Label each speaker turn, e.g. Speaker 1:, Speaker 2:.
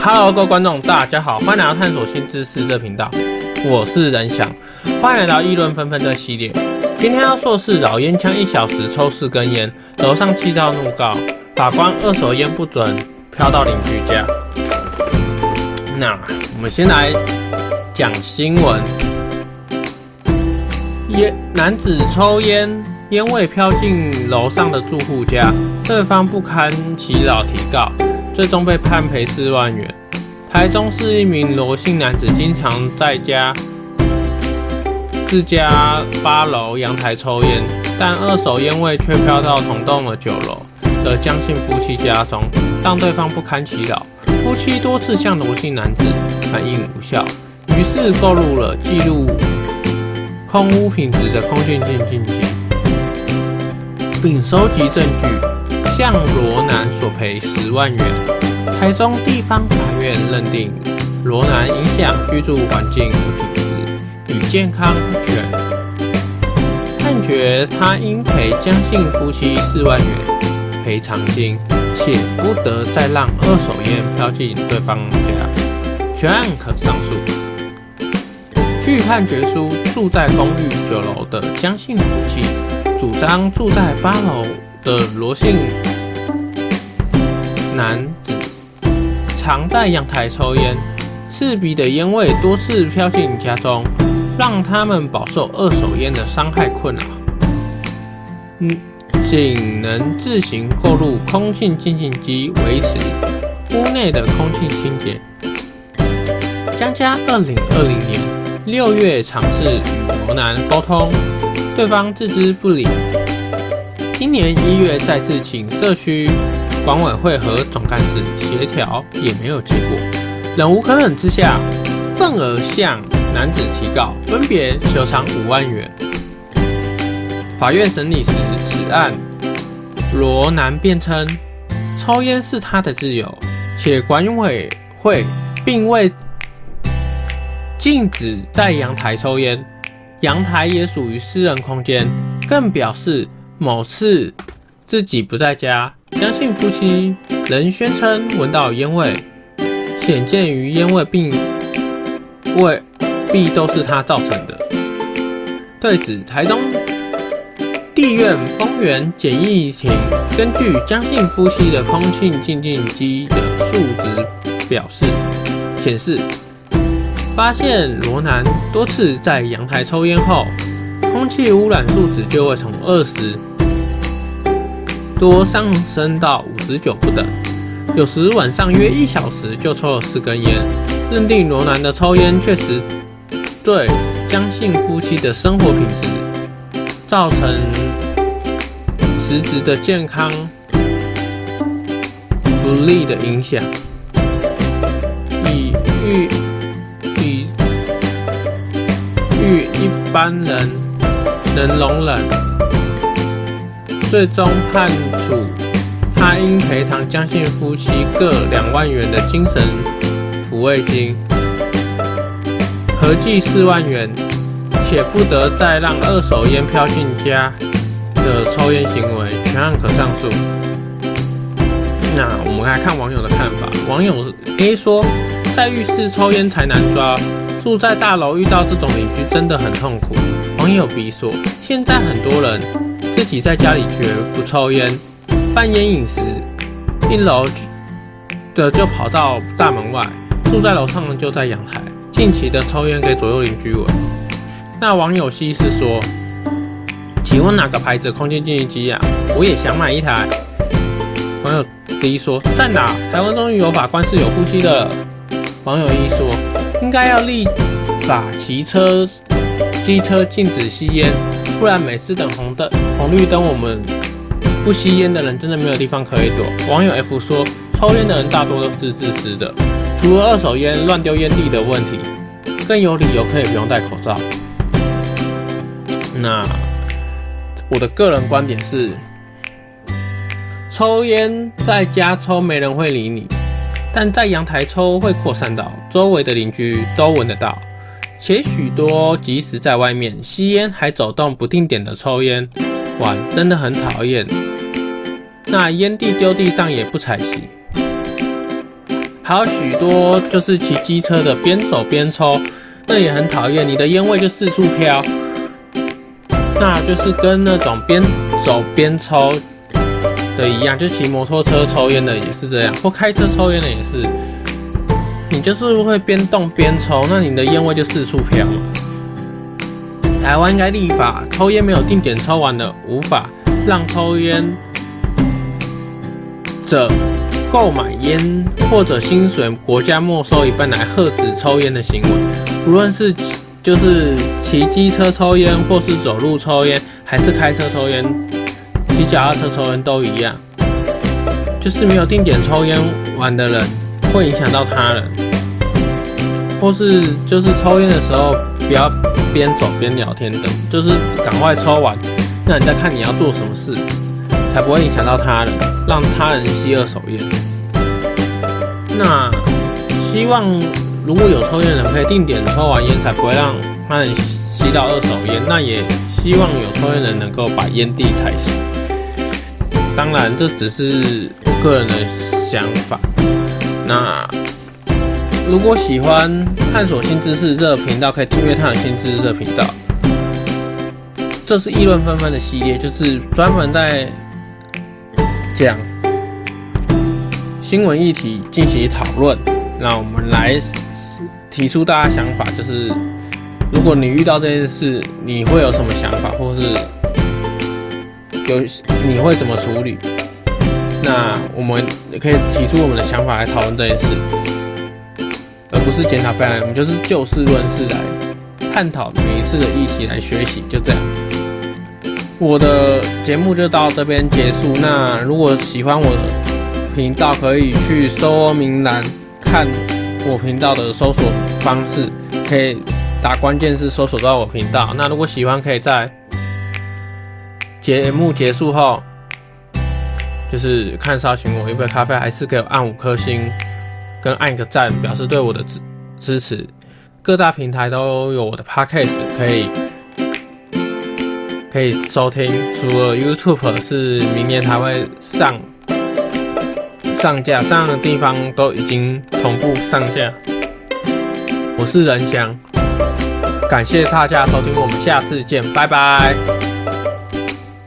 Speaker 1: Hello，各位觀眾，大家好，歡迎來到探索新知識這頻道，我是仁翔，歡迎來到議論紛紛的系列。今天要說的是老菸槍一小時抽四根菸，樓上氣到怒告，法官二手菸不准，飄到鄰居家。那我們先來講新聞，菸男子抽菸，菸味飄進樓上的住戶家，對方不堪其擾提告。最終被判賠四萬元。台中市一名羅姓男子，經常在家自家八樓陽台抽菸，但二手菸味卻飄到同棟的九樓的江姓夫妻家中，讓對方不堪其擾。夫妻多次向羅姓男子反映無效，於是購入了記錄空污品質的空氣偵測器，並收集證據。向羅南索賠十萬元。台中地方法院認定，羅南影響居住環境品質與健康權全，判決他應賠江姓夫妻四萬元賠償金，且不得再讓二手煙飄進對方家。全案可上訴。據判決書，住在公寓九樓的江姓夫妻主張住在八樓。的羅姓男子常在陽台抽煙，刺鼻的煙味多次飄進家中，讓他們飽受二手煙的傷害困擾。嗯，僅能自行購入空氣清淨機維持屋內的空氣清潔。江家2020年6月嘗試與羅男溝通，對方置之不理。今年一月，再次請社區管委會和總幹事協調，也沒有結果。忍無可忍之下，憤而向男子提告，分別求償五萬元。法院審理時，此案羅男辯稱，抽菸是他的自由，且管委會並未禁止在陽台抽菸，陽台也屬於私人空間，更表示。某次自己不在家，江姓夫妻仍宣稱聞到煙味，顯見於煙味，味，並未必都是他造成的。對此，台中地院豐原簡易庭根據江姓夫妻的空氣清淨機的數值表示，顯示發現羅南多次在陽台抽煙後，空氣污染數值就會從二十。多上升到五十九不等，有時晚上約一小時就抽了四根煙，認定羅男的抽煙確實對江姓夫妻的生活品質造成實質的健康不利的影響，已逾已逾一般人能容忍。最終判處他應賠償姜姓夫妻各兩萬元的精神撫慰金，合計四萬元，且不得再讓二手煙飄進家的抽煙行為。全案可上訴。那我們來看網友的看法。網友 A 說，在浴室抽煙才難抓。住在大樓遇到這種鄰居真的很痛苦。網友 B 說：“現在很多人自己在家裡絕不抽煙，犯煙癮時，一樓的就跑到大門外；住在樓上就在陽台，盡情的抽煙給左右鄰居聞。”那網友 C 是說：“請問哪個牌子空氣淨化機呀？我也想買一台。”網友 D 說：“在哪？台灣終於有法官是有呼吸的。”網友 E 說。應該要立法騎車、機車禁止吸煙，不然每次等紅燈、紅綠燈，我們不吸煙的人真的沒有地方可以躲。網友 F 說，抽煙的人大多都是自私的，除了二手煙亂丟煙蒂的問題，更有理由可以不用戴口罩。那我的個人觀點是，抽煙在家抽，沒人會理你。但在陽台抽會擴散到周圍的鄰居都聞得到，且許多即使在外面吸煙還走動不定點的抽煙，哇，真的很討厭。那煙蒂丟地上也不踩熄，還有許多就是騎機車的邊走邊抽，那也很討厭，你的煙味就四處飄。那就是跟那種邊走邊抽的一樣，就騎摩托車抽菸的也是這樣，或開車抽菸的也是，你就是會邊動邊抽，那你的菸味就四處飄了。台灣應該立法，抽菸沒有定點抽完的，無法讓抽菸者購買菸或者薪水，國家沒收一半來遏止抽菸的行為。無論是就是騎機車抽菸，或是走路抽菸，還是開車抽菸。騎腳踏車抽煙都一樣，就是沒有定點抽煙完的人，會影響到他人。或是就是抽煙的時候不要邊走邊聊天等，就是趕快抽完，那你再看你要做什麼事，才不會影響到他人，讓他人吸二手煙。那希望如果有抽煙人可以定點抽完煙，才不會讓他人吸到二手煙。那也希望有抽煙人能夠把煙蒂踩熄。當然，這只是我個人的想法。那如果喜歡探索新知識，這個頻道可以訂閱探索新知識這頻道。這是議論紛紛的系列，就是專門在講新聞議題進行討論。那我們來提出大家想法，就是如果你遇到這件事，你會有什麼想法，或是？有你會怎麼處理？那我們也可以提出我們的想法來討論這件事，而不是檢討別人。我們就是就事論事來探討每一次的議題來學習，就這樣。我的節目就到這邊結束。那如果喜歡我的頻道，可以去說明欄看我頻道的搜索方式，可以打關鍵字搜索到我頻道。那如果喜歡，可以在。節目結束後，就是看殺尋我一杯咖啡，還是給我按五顆星跟按個讚，表示對我的支支持。各大平台都有我的 podcast 可以可以收聽，除了 YouTube 是明年還會上上架，上的地方都已經同步上架。我是仁翔，感謝大家收聽，我們下次見，拜拜。